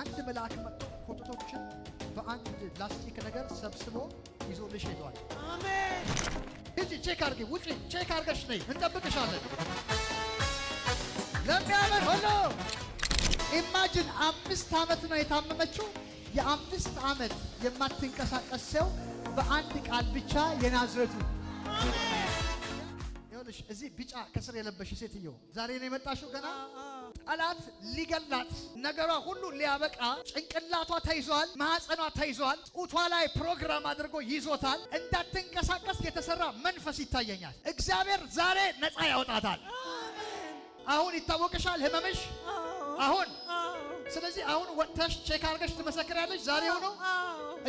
አንድ መልአክ መጥቶ ኮተቶችን በአንድ ላስቲክ ነገር ሰብስቦ ይዞልሽ ሄዷል። አሜን። እዚህ ቼክ አርጊ፣ ውጪ፣ ቼክ አርገሽ ነይ፣ እንጠብቅሻለን። ለሚያምን ሆኖ ኢማጅን አምስት ዓመት ነው የታመመችው። የአምስት ዓመት የማትንቀሳቀስ ሰው በአንድ ቃል ብቻ የናዝረቱ ልንገርሽ፣ እዚህ ቢጫ ከስር የለበሽ ሴትዮ ዛሬ ነው የመጣሽው። ገና ጠላት ሊገላት ነገሯ ሁሉ ሊያበቃ ጭንቅላቷ ተይዟል፣ ማህፀኗ ተይዟል፣ ጡቷ ላይ ፕሮግራም አድርጎ ይዞታል። እንዳትንቀሳቀስ የተሰራ መንፈስ ይታየኛል። እግዚአብሔር ዛሬ ነፃ ያወጣታል። አሁን ይታወቅሻል ህመምሽ አሁን ስለዚህ አሁን ወጥተሽ ቼክ አድርገሽ ትመሰክሪያለሽ። ዛሬ ሆኖ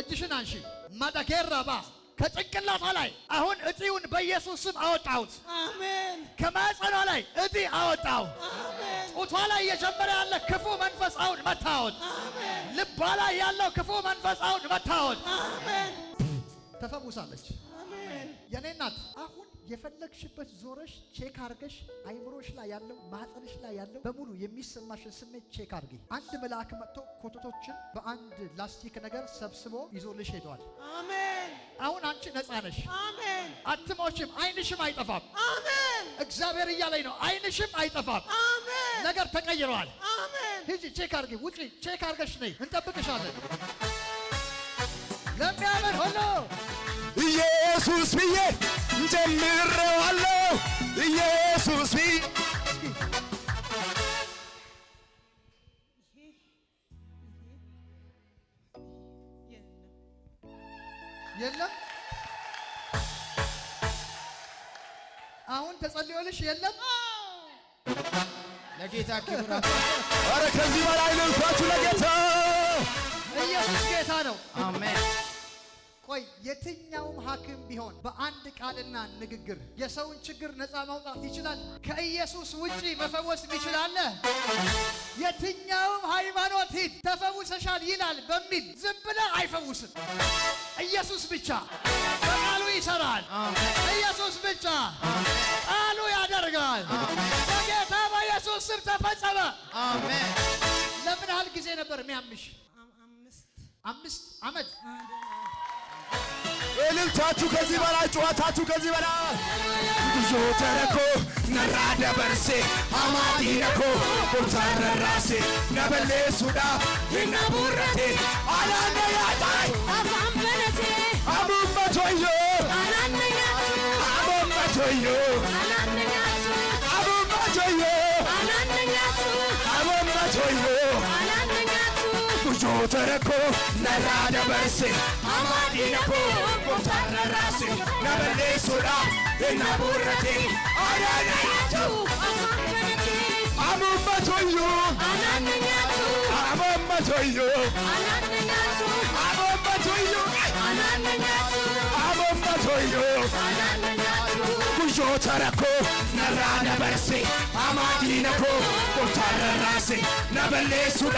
እጅሽን አንሺ ማዳጌራ ባ ከጭንቅላቷ ላይ አሁን እጢውን በኢየሱስ ስም አወጣሁት። አሜን። ከማህፀኗ ላይ እጢ አወጣሁ። አሜን። ጡቷ ላይ እየጀመረ ያለ ክፉ መንፈስ አሁን መታወት። አሜን። ልቧ ላይ ያለው ክፉ መንፈስ አሁን መታወት። አሜን። ተፈውሳለች። አሜን። የኔ እናት አሁን የፈለግሽበት ዞረሽ ቼክ አርገሽ አይምሮሽ ላይ ያለው ማህፀንሽ ላይ ያለው በሙሉ የሚሰማሽን ስሜት ቼክ አርጊ። አንድ መልአክ መጥቶ ኮተቶችን በአንድ ላስቲክ ነገር ሰብስቦ ይዞልሽ ሄደዋል። አሜን። አሁን አንቺ ነጻ ነሽ። አሜን። አትሞችም፣ አይንሽም አይጠፋም። አሜን። እግዚአብሔር እያለኝ ነው። አይንሽም አይጠፋም። አሜን። ነገር ተቀይረዋል። አሜን። ሂጂ፣ ቼክ አርጊ፣ ውጪ፣ ቼክ አርገሽ ነይ። እንጠብቅሻለን። ለሚያምን ሁሉ ኢየሱስ ብዬ ጀምሬዋለሁ። ኢየሱስ ብዬ የለም። አሁን ተጸልዮልሽ የለም። ለጌታ ክብር። አረ ከዚህ በላይ ልልፋችሁ ለጌታ ኢየሱስ ጌታ ነው። አሜን። ቆይ የትኛውም ሐኪም ቢሆን በአንድ ቃልና ንግግር የሰውን ችግር ነፃ ማውጣት ይችላል። ከኢየሱስ ውጪ መፈወስ ይችላል። የትኛውም ሃይማኖት ሂድ ተፈውሰሻል ይላል በሚል ዝም ብለህ አይፈውስም። ኢየሱስ ብቻ በቃሉ ይሰራል። ኢየሱስ ብቻ ቃሉ ያደርጋል። በጌታ በኢየሱስ ስም ተፈጸመ። አሜን። ለምን ያህል ጊዜ ነበር የሚያምሽ? አምስት ዓመት። እልልታችሁ ከዚህ በላይ ጨዋታችሁ ከዚህ በላይ ብዙ ተረኮ ነራ ደበርሴ አማዲ ነኮ ቁርታን ራሴ ነበሌ ሱዳ ይነቡረቴ አላነ ያጣይ አቡመቶዮ አቡመቶዮ አቡመቶዮ አቡመቶዮ ጉጆ ተረኮ ነራ ደበርሴ አማዲነኮ ቦታረራሴ ነበሌ ሱዳ እናቡረቴ አዳናያቸው አቡመቶዮ አቡመቶዮ አበባቶዮ ጉዞ ተረኮ ነራ ነበርሴ አማዲ አማዲነኮ ቆታረራሴ ነበሌ ሱዳ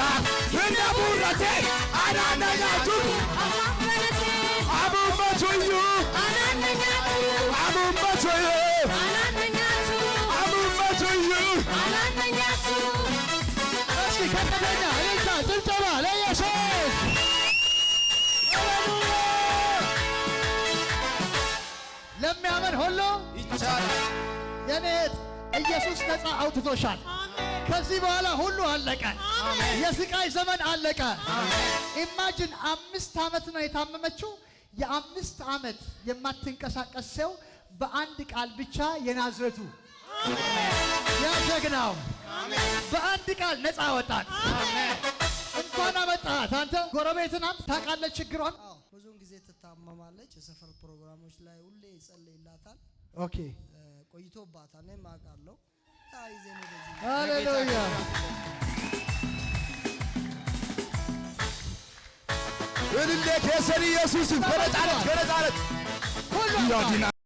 እንደ ቡረቴ አናነኛቱ አቦመቶዮ አቦመቶዮ የኔት ኢየሱስ ነፃ አውጥቶሻል። ከዚህ በኋላ ሁሉ አለቀ። የስቃይ ዘመን አለቀ። ኢማጂን አምስት ዓመት ነው የታመመችው። የአምስት ዓመት የማትንቀሳቀስ ሰው በአንድ ቃል ብቻ የናዝረቱ ያጀግናው በአንድ ቃል ነፃ ወጣት እንኳን አመጣት። አንተ ጎረቤት ናት፣ ታውቃለች ችግሯን። ብዙውን ጊዜ ትታመማለች። የሰፈር ፕሮግራሞች ላይ ሁሌ ይጸልይላታል። ኦኬ ቆይቶ ባታ ነው ማቃለው ሃሌሉያ እልል ለከሰሪ ኢየሱስ ገለጻለት ገለጻለት ሁሉ